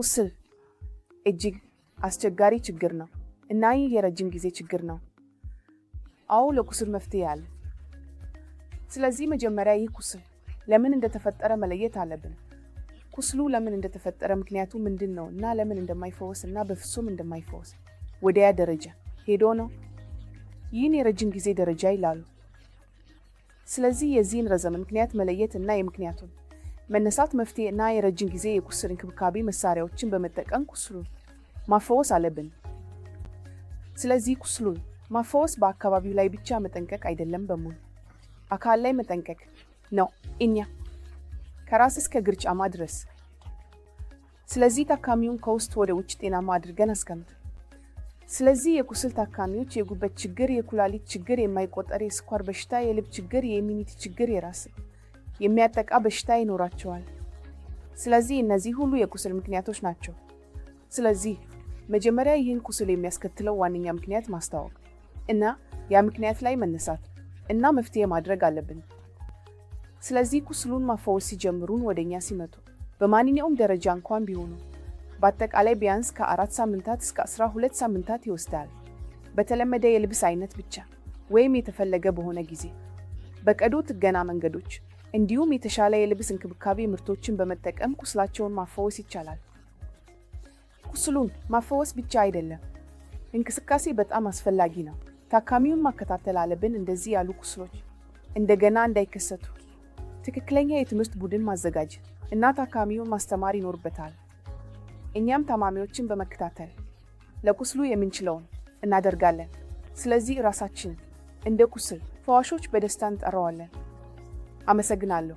ቁስል እጅግ አስቸጋሪ ችግር ነው እና ይህ የረጅም ጊዜ ችግር ነው። አዎ ለቁስል መፍትሄ አለ። ስለዚህ መጀመሪያ ይህ ቁስል ለምን እንደተፈጠረ መለየት አለብን። ቁስሉ ለምን እንደተፈጠረ፣ ምክንያቱ ምንድን ነው እና ለምን እንደማይፈወስ እና በፍጹም እንደማይፈወስ ወደያ ደረጃ ሄዶ ነው። ይህን የረጅም ጊዜ ደረጃ ይላሉ። ስለዚህ የዚህን ረዘም ምክንያት መለየት እና የምክንያቱን መነሳት መፍትሄ እና የረጅም ጊዜ የቁስል እንክብካቤ መሳሪያዎችን በመጠቀም ቁስሉን ማፈወስ አለብን። ስለዚህ ቁስሉን ማፈወስ በአካባቢው ላይ ብቻ መጠንቀቅ አይደለም፣ በሙሉ አካል ላይ መጠንቀቅ ነው። እኛ ከራስ እስከ እግር ጫማ ድረስ። ስለዚህ ታካሚውን ከውስጥ ወደ ውጭ ጤናማ አድርገን አስቀምጥ። ስለዚህ የቁስል ታካሚዎች የጉበት ችግር፣ የኩላሊት ችግር፣ የማይቆጠር የስኳር በሽታ፣ የልብ ችግር፣ የኢሚኒቲ ችግር፣ የራስ የሚያጠቃ በሽታ ይኖራቸዋል። ስለዚህ እነዚህ ሁሉ የቁስል ምክንያቶች ናቸው። ስለዚህ መጀመሪያ ይህን ቁስል የሚያስከትለው ዋነኛ ምክንያት ማስታወቅ እና ያ ምክንያት ላይ መነሳት እና መፍትሄ ማድረግ አለብን። ስለዚህ ቁስሉን ማፈወስ ሲጀምሩን ወደ እኛ ሲመጡ በማንኛውም ደረጃ እንኳን ቢሆኑ በአጠቃላይ ቢያንስ ከአራት ሳምንታት እስከ አስራ ሁለት ሳምንታት ይወስዳል። በተለመደ የልብስ አይነት ብቻ ወይም የተፈለገ በሆነ ጊዜ በቀዶ ጥገና መንገዶች እንዲሁም የተሻለ የልብስ እንክብካቤ ምርቶችን በመጠቀም ቁስላቸውን ማፈወስ ይቻላል። ቁስሉን ማፈወስ ብቻ አይደለም፣ እንቅስቃሴ በጣም አስፈላጊ ነው። ታካሚውን ማከታተል አለብን። እንደዚህ ያሉ ቁስሎች እንደገና እንዳይከሰቱ ትክክለኛ የትምህርት ቡድን ማዘጋጀት እና ታካሚውን ማስተማር ይኖርበታል። እኛም ታማሚዎችን በመከታተል ለቁስሉ የምንችለውን እናደርጋለን። ስለዚህ ራሳችን እንደ ቁስል ፈዋሾች በደስታ እንጠራዋለን። አመሰግናለሁ።